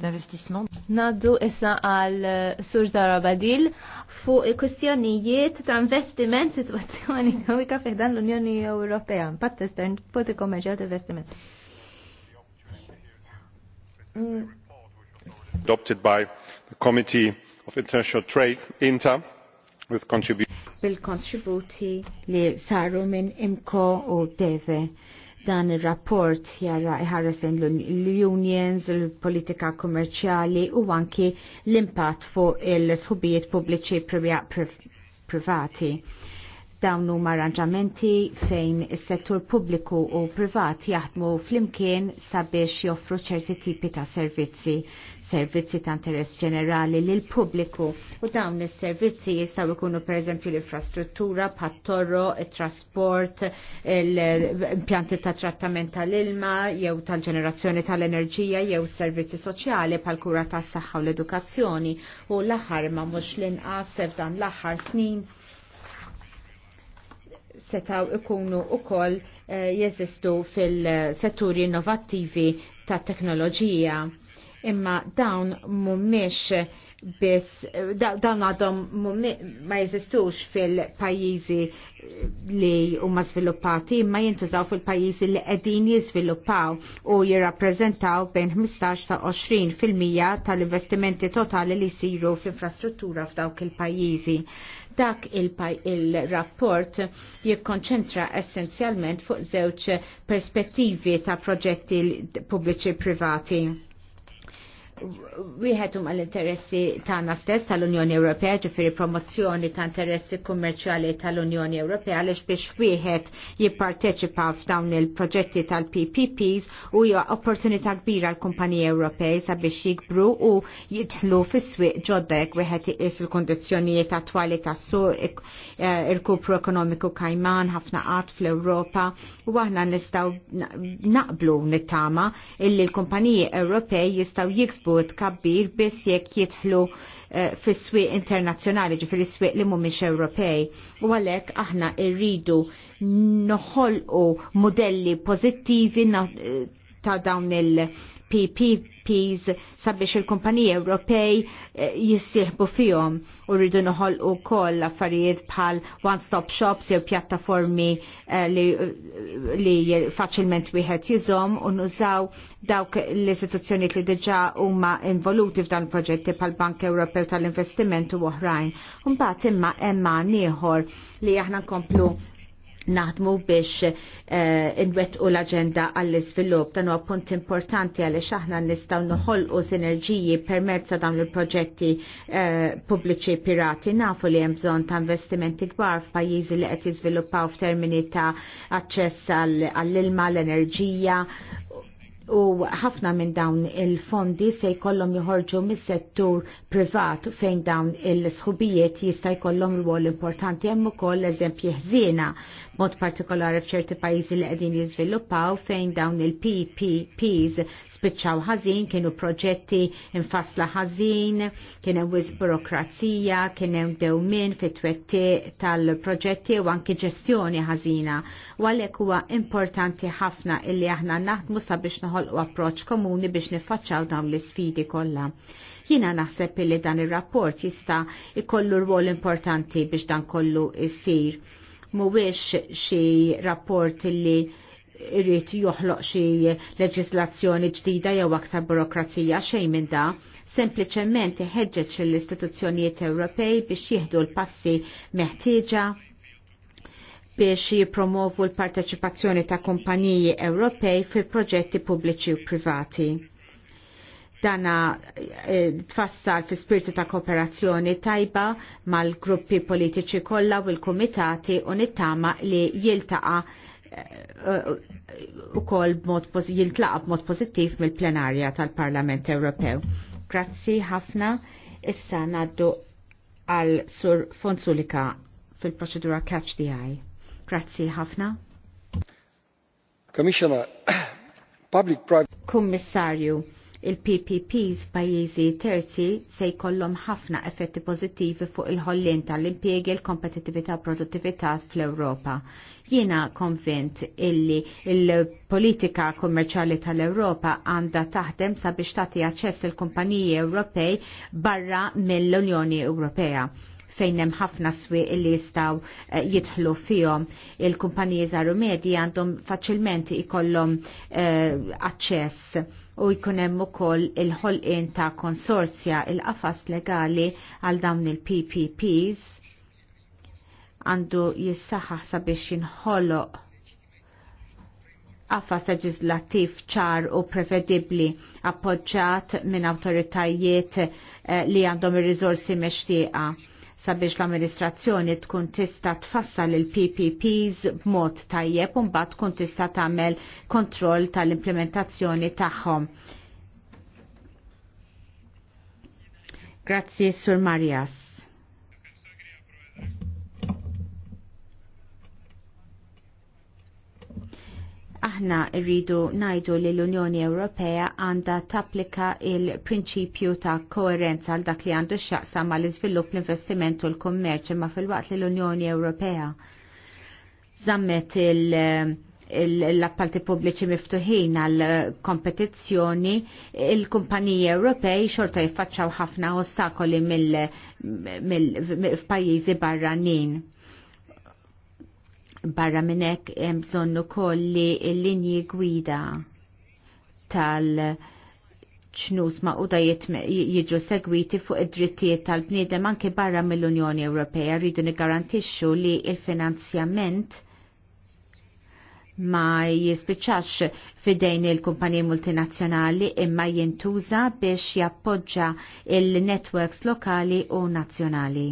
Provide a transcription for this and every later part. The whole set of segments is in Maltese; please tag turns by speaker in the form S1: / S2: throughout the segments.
S1: d'investissement. Naddu issa għal eh, Sur Zarabadil fuq il-kustjonijiet ta' investiment situazzjoni għawika fiħdan l-Unjoni Ewropea, impatt estern fuq il-kommerċjal ta' investiment. Mm. Adopted by the Committee of International Trade, INTA, with contribution. Bil-kontributi li saru minn imko u DEVE dan il-rapport jarra iħares lejn l-unions, l-politika kommerċjali u anki l-impatt fuq il-sħubijiet pubbliċi privati. Priv Dawn huma arranġamenti fejn is-settur pubbliku u privat jaħdmu flimkien sabiex joffru ċerti tipi ta' servizzi, servizzi ta' interess ġenerali lil pubbliku u dawn is-servizzi jistgħu jkunu pereżempju l-infrastruttura, pat-torro, it-trasport, l-impjanti ta' trattament tal-ilma jew tal-ġenerazzjoni tal-enerġija jew servizzi soċjali bħal kura tas-saħħa u l-edukazzjoni u l-aħħar ma mhux l-inqas f'dan l-aħħar snin setaw ikunu u koll eh, jeżistu fil-setturi innovattivi ta' teknoloġija. Imma dawn mumiex biss dawn għadhom ma jeżistux fil-pajjiżi li huma żviluppati imma jintużaw fil-pajjiżi li qegħdin jiżviluppaw u jirrappreżentaw bejn 15 ta' 20 fil-mija tal-investimenti totali li jsiru fl-infrastruttura f'dawk il-pajjiżi. Dak il-rapport il jikkonċentra essenzjalment fuq żewġ perspettivi ta' proġetti pubbliċi privati wieħed huma l-interessi tagħna stess tal-Unjoni Ewropea, ġifieri promozzjoni ta' interessi kummerċjali tal-Unjoni Ewropea għaliex biex wieħed jipparteċipa f'dawn il-proġetti tal-PPPs u hija opportunità kbira għal kumpaniji Ewropej sabiex jikbru u jidħlu fis-swieq ġodda jekk wieħed iqis il kundizzjonijiet attwali tas-suq irkupru eh, ekonomiku kajman ħafna qatt fl-Ewropa u aħna nistgħu naqblu nittama illi l-kumpaniji Ewropej jistgħu jiksbu u kabbir biss jekk jidħlu eh, fis swieq internazzjonali is swieq li mhumiex Ewropej. U għalhekk aħna rridu noħolqu modelli pożittivi eh, ta' dawn il PPPs sabiex il-kumpaniji Ewropej eh, jissieħbu fihom u rridu noħol u koll affarijiet bħal one-stop shops jew pjattaformi eh, eh, li, faċilment wieħed jużom u nużaw dawk l-istituzzjoni li diġà huma involuti f'dan proġetti bħal Bank Ewropew tal-Investiment u oħrajn. Mbagħad imma hemm ieħor li aħna nkomplu naħdmu biex uh, eh, inwet u l-agenda għall-izvilup. Dan huwa punt importanti għaliex aħna nistgħu noħolqu sinerġiji permezz ta' dawn il-proġetti uh, pubbliċi pirati. Nafu li hemm bżonn ta' investimenti kbar f'pajjiżi li qed jiżviluppaw f'termini ta' aċċess għall-ilma, l-enerġija u ħafna minn dawn il-fondi se jkollhom joħorġu mis-settur privat fejn dawn il-sħubijiet jista' jkollhom rwol importanti hemm ukoll eżempji ħżiena mod partikolari f'ċerti pajjiżi li qegħdin jiżviluppaw fejn dawn il-PPPs spiċċaw ħażin, kienu proġetti infasla ħażin, kien hemm wisq burokrazija, kien hemm dewmien fit-twetti tal-proġetti u anki ġestjoni ħażina. U għalhekk huwa importanti ħafna illi aħna naħdmu sabiex noħolqu approċċ komuni biex niffaċċaw dawn l-isfidi kollha jina naħseb li dan il-rapport jista ikollu rwol importanti biex dan kollu jissir mhuwiex xi rapport li irrit joħloq xi leġislazzjoni ġdida jew aktar burokrazija xejn minn da, sempliċement iħeġġeġ l-istituzzjonijiet Ewropej biex jieħdu l-passi meħtieġa biex jipromovu l-parteċipazzjoni ta' kumpaniji Ewropej fil proġetti pubbliċi u privati dana eh, tfassal fi spiritu ta' kooperazzjoni tajba mal-gruppi politiċi kollha u l-kumitati u nittama li jiltaqa eh, u kol jiltlaqa b'mod pozittiv mill-plenarja tal-Parlament Ewropew. Grazzi ħafna. Issa naddu għal Sur Fonsulika fil-proċedura Catch the Eye. Grazzi ħafna. Commissioner, Public Private Kummissarju, Il-PPPs pajjiżi terzi se jkollhom ħafna effetti pożittivi fuq il-ħollin tal-impjegi l-kompetitività u produttività fl-Ewropa. Jiena konvint illi il-politika kommerċjali tal-Ewropa għandha taħdem sabiex tagħti aċċess il-kumpaniji Ewropej barra mill-Unjoni Ewropea fejn hemm ħafna swieq li jistgħu eh, jidħlu fihom. Il-kumpaniji żaru medji għandhom faċilment ikollhom eh, aċċess u jkun hemm ukoll il-ħolqien ta' konsorzja il-qafas legali għal dawn il-PPPs għandu jissaħħaħ sabiex jinħoloq qafas leġislattiv ċar u prevedibbli appoġġjat minn awtoritajiet eh, li għandhom ir-riżorsi mextieqa sabiex l-amministrazzjoni tkun tista' tfassal il-PPPs b'mod tajjeb u mbagħad tkun tista' tagħmel kontroll tal-implementazzjoni tagħhom. Grazzi, Sur Marias. aħna rridu najdu li l-Unjoni Ewropea għanda tapplika il-prinċipju ta' koerenza għal dak li għandu xaqsa ma l-iżvilupp l-investiment u l-kummerċ imma fil-waqt li l-Unjoni Ewropea zammet l-appalti pubbliċi miftuħin għal kompetizzjoni, il-kumpaniji Ewropej xorta jiffaċċaw ħafna ostakoli mill-pajjiżi barranin Barra minnek hemm bżonn ukoll li l-linji gwida tal- ċnus ma' u jiġu segwiti fuq id-drittijiet tal-bniedem anke barra mill-Unjoni Ewropea rridu nigarantixxu li il-finanzjament ma jispiċax fidejn il-kumpaniji multinazzjonali imma jintuża biex jappoġġa il-networks lokali u nazzjonali.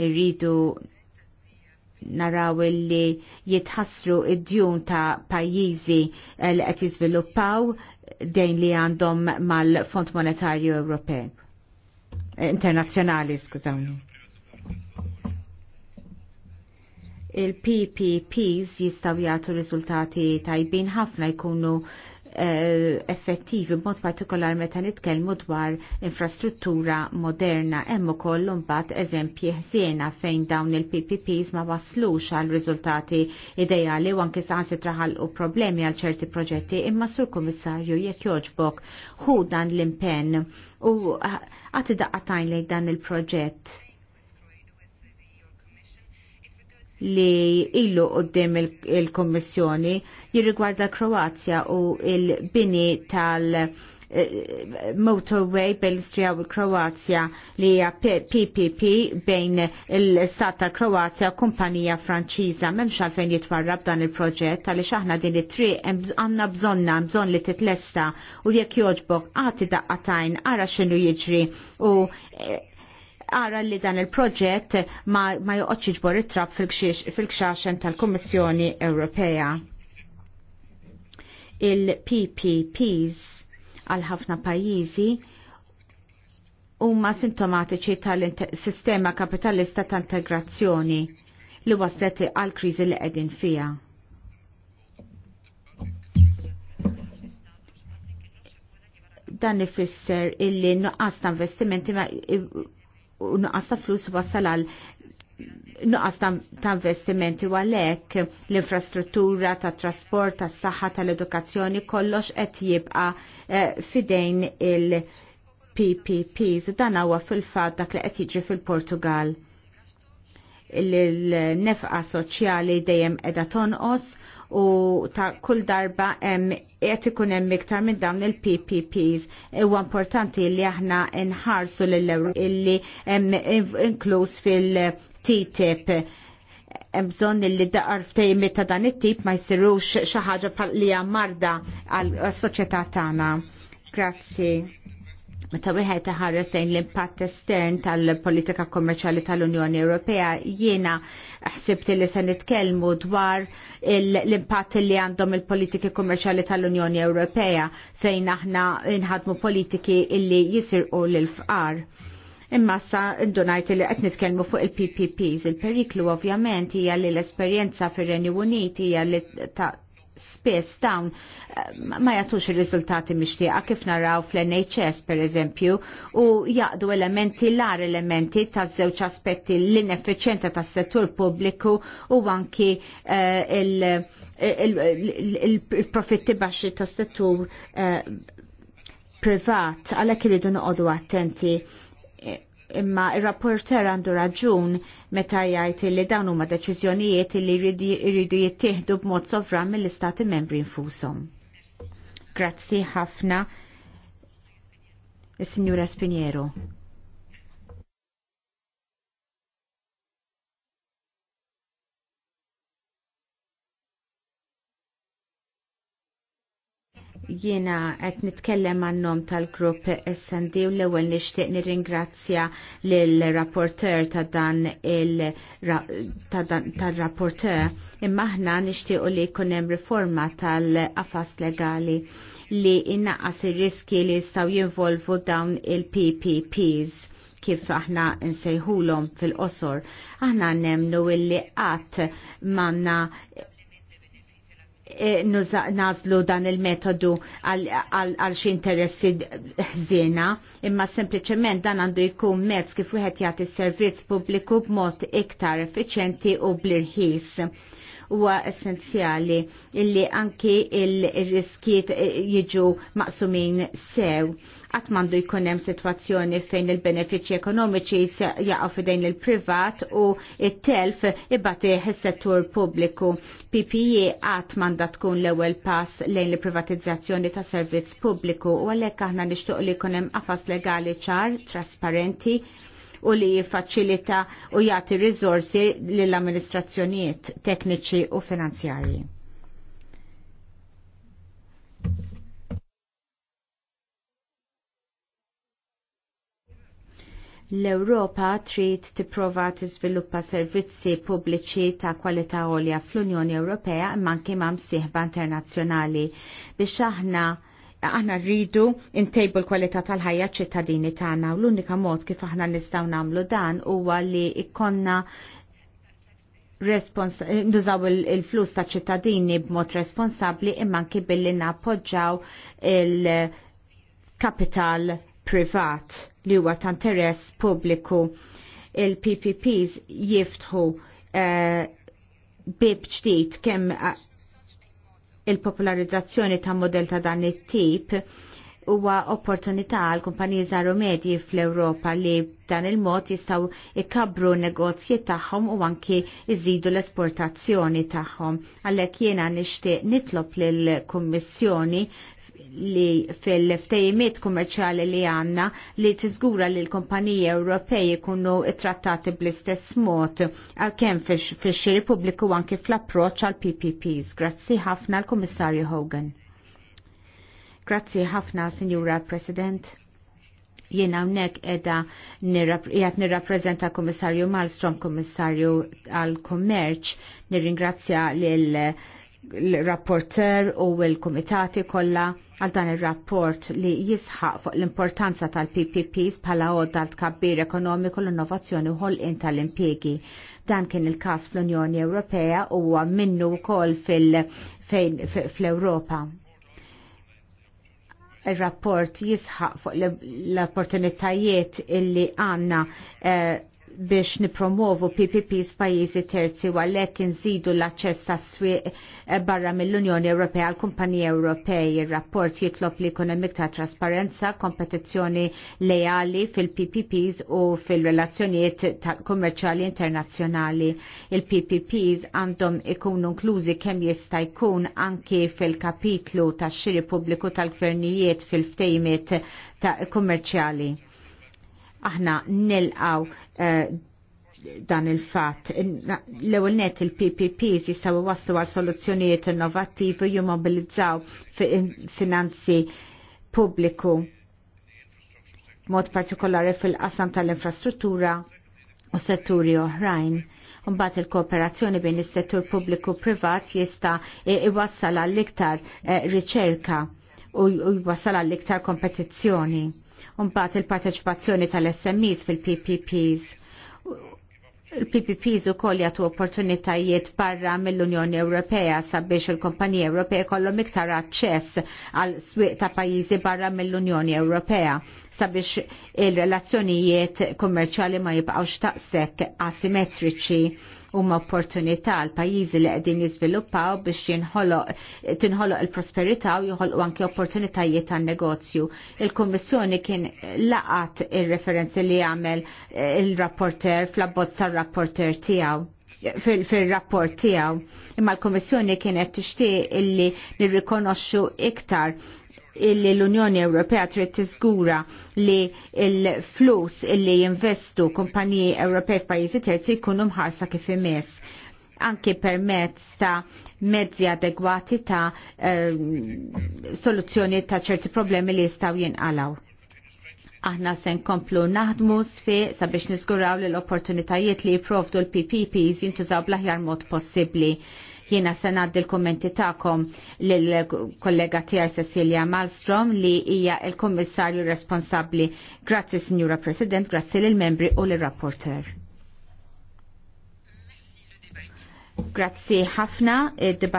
S1: Irridu naraw li jitħassru id-djun ta' pajjiżi eh, li qed jiżviluppaw dejn li għandhom mal-Fond Monetarju Ewropej eh, Internazzjonali, skużawni. Il-PPPs jistaw jagħtu riżultati tajbin ħafna jkunu Eh, effettivi b'mod partikolar meta nitkellmu dwar infrastruttura moderna hemm ukoll imbagħad eżempji ħsiena fejn dawn il-PPPs ma waslux għal riżultati ideali u anke saħan se u problemi għal ċerti proġetti imma sur kummissarju jekk joġbok hu dan l-impenn u għati daqqatajn lejn dan il-proġett li ilu qoddim il-Kommissjoni jirrigwarda Kroazja u il-bini tal- eh, motorway l istria u Kroazja li hija PPP bejn il-Stat ta' Kroazja u kumpanija Franċiża m'hemmx għalfejn jitwarrab dan il-proġett għaliex aħna din it-triq għandna bżonna bżonn li titlesta u jekk jogħġbok għati daqqatajn ara x'inhu jiġri u eh, għara li dan il-proġett ma, ma joqgħodx jiġbor it trap fil-kxaxen tal-Kummissjoni Ewropea. Il-PPPs għal ħafna pajjiżi huma sintomatiċi tal-sistema kapitalista ta' integrazzjoni li waslet għal kriżi li qegħdin fija. Dan ifisser illi nuqqas ta' investimenti u nuqqas ta' flus wasal għal nuqqas ta' investimenti u għalek l-infrastruttura, ta' trasport, ta' saħħa, tal-edukazzjoni kollox qed jibqa eh, fidejn il-PPPs u dan huwa fil-fatt dak li qed jiġri fil-Portugal l nefqa soċjali dejjem edha tonqos u ta' kull darba qed ikun hemm iktar minn dawn il-PPPs. Huwa importanti li aħna nħarsu lill illi inkluż fil-TTIP hemm bżonn li daqar ftejmi ta' dan it-tip ma jsirux xi ħaġa li hija marda għall-soċjetà tagħna. Grazzi. Meta wieħed iħares lejn l-impatt estern tal-politika kommerċjali tal-Unjoni Ewropea, jiena ħsibt li se nitkellmu dwar l-impatt li għandhom il-politiki kommerċjali tal-Unjoni Ewropea fejn aħna nħadmu politiki illi jisirqu l-fqar. Imma sa indunajt li qed nitkellmu fuq il-PPPs, il-periklu ovvjament hija li l-esperjenza fir-Renju Unit hija li ta' spess dawn eh, ma jatux il-rizultati mixtieqa kif naraw fl-NHS per eżempju u jaqdu elementi lar elementi ta' żewġ aspetti l ineffiċjenza tas settur pubbliku u anki eh, il-profitti baxxi tas settur eh, privat għalhekk irridu noqogħdu attenti imma il-rapporter għandu raġun meta jgħid li dawn huma deċiżjonijiet li jridu jittieħdu b'mod sovran mill-istati membri infushom. Grazzi ħafna. Is-Sinjura Spiniero. jiena qed nitkellem għannom tal-grupp SND u l-ewwel nixtieq nirringrazzja l rapporteur ta' dan il tar-rapporteur imma aħna nixtiequ li jkun hemm riforma tal afas legali li innaqas ir-riski li staw jinvolvu dawn il-PPPs kif aħna nsejħulhom fil-qosor. Aħna nemnu illi qatt manna E, nazlu dan il-metodu għal xi interessi ħzina, imma sempliċement dan għandu jkun mezz kif wieħed jagħti servizz pubbliku b'mod iktar effiċjenti u blirħis huwa essenzjali illi anki il-riskiet eh, jiġu maqsumin sew. Qatt m'għandu jkun hemm sitwazzjoni fejn il-benefiċċji ekonomiċi jaqgħu f'idejn il-privat u il telf ibatih is-settur pubbliku. PPE qatt m'għandha tkun l-ewwel pass lejn il-privatizzazzjoni ta' servizz pubbliku u għalhekk aħna nishtuq li jkun hemm legali ċar, trasparenti, u li jiffaċilita u jagħti rizorsi lill-amministrazzjonijiet tekniċi u finanzjarji. l-Europa trid tipprova tiżviluppa servizzi pubbliċi ta' kwalità għolja fl-Unjoni Ewropea imma anke ma' msieħba internazzjonali biex aħna aħna rridu intejbu l-kwalità tal-ħajja ċittadini tagħna u l-unika mod kif aħna nistgħu nagħmlu dan huwa li ikkonna nużaw il-flus ta' ċittadini b'mod responsabbli imma anki billi nappoġġaw il-kapital privat li huwa ta' interess pubbliku. Il-PPPs jiftħu uh, bib ġdid kemm Il-popolarizzazzjoni ta' model ta' dan it-tip huwa opportunità għal kumpaniji żaru medji fl-Ewropa li b'dan il-mod jistgħu ikkabru negozji tagħhom u anki jżidu l-esportazzjoni tagħhom. Għalhekk jiena nixtieq nitlob lill-Kummissjoni li fil ftejmiet kummerċali li għanna li tiżgura li l kompanija Ewropej ikunu trattati bl-istess mod għalkemm fil-xiri pubbliku anki fl-approċ għal PPPs. Grazzi ħafna l-Kummissarju Hogan. Grazzi ħafna, Signora President. Jena unnek edha jgħat nirrapprezenta Kummissarju Malstrom, Kummissarju għal-Kommerċ, nirringrazzja l il rapporter u l-komitati kollha għal dan ir-rapport li jisħaq fuq l-importanza tal-PPPs bħala għodda l-tkabbir ekonomiku l-innovazzjoni u ħol-in tal impiegi Dan kien il-każ fl-Unjoni Ewropea u huwa minnu wkoll fl-Ewropa. Ir-rapport jisħaq fuq l-opportunitajiet illi għandna eh, biex nipromovu PPPs pajizi terzi u għalhekk inżidu l-aċċess tas-swieq eh, barra mill-Unjoni Ewropea għal kumpaniji Ewropej. il rapport jitlob li jkun hemm iktar trasparenza, kompetizzjoni lejali fil-PPPs u fil-relazzjonijiet kummerċjali internazzjonali. Il-PPPs għandhom ikunu inklużi kemm jista' jkun anki fil-kapitlu tax-xiri pubbliku tal-gvernijiet fil-ftejmiet ta' kummerċjali Aħna nilqaw eh, dan il-fat. L-ewel net il-PPPs jistaw waslu għal soluzzjonijiet innovativi jimmobilizzaw finanzi pubbliku mod partikolari fil-qasam tal-infrastruttura u setturi oħrajn. Mbagħad il-kooperazzjoni bejn is-settur pubbliku privat jista' iwassal għall-iktar eh, riċerka u jwassal għall-iktar kompetizzjoni Unbat il-parteċipazzjoni tal-SMEs fil-PPPs. Il-PPPs u koll jgħatu opportunitajiet barra mill-Unjoni Ewropea sabiex il-kompanija Ewropea kollu iktar aċċess għal swieq ta' pajjiżi barra mill-Unjoni Ewropea sabiex il-relazzjonijiet kummerċali ma jibqawx taqsek asimetriċi huma opportunità għal pajjiżi li qegħdin jiżviluppaw biex tinħoloq il-prosperità u joħolqu anke opportunitajiet għan negozju. Il-Kummissjoni kien laqat ir-referenzi li għamel eh, il-rapporter fl abbozza tar-rapporter tiegħu fil-rapport tijaw. Imma l-Komissjoni kienet tixtieq illi nirrikonoxxu iktar illi l-Unjoni Ewropea trid tiżgura li l-flus illi jinvestu kumpaniji Ewropej f'pajjiżi terzi jkunu mħarsa kif imess anki permezz ta' mezzi adegwati ta' eh, soluzzjoni ta' ċerti problemi li jistaw jinqalaw. Aħna se nkomplu naħdmu sfiq sabiex nizguraw l-opportunitajiet li jiprovdu l-PPPs jintużaw bl-aħjar mod possibbli Jiena se il kommenti ta'kom tagħkom lill-kollega tiegħi Cecilia Malmstrom li hija l kommissarju responsabbli. Grazzi Signora President, grazzi lill membri u lir-rapporter. Grazzi ħafna.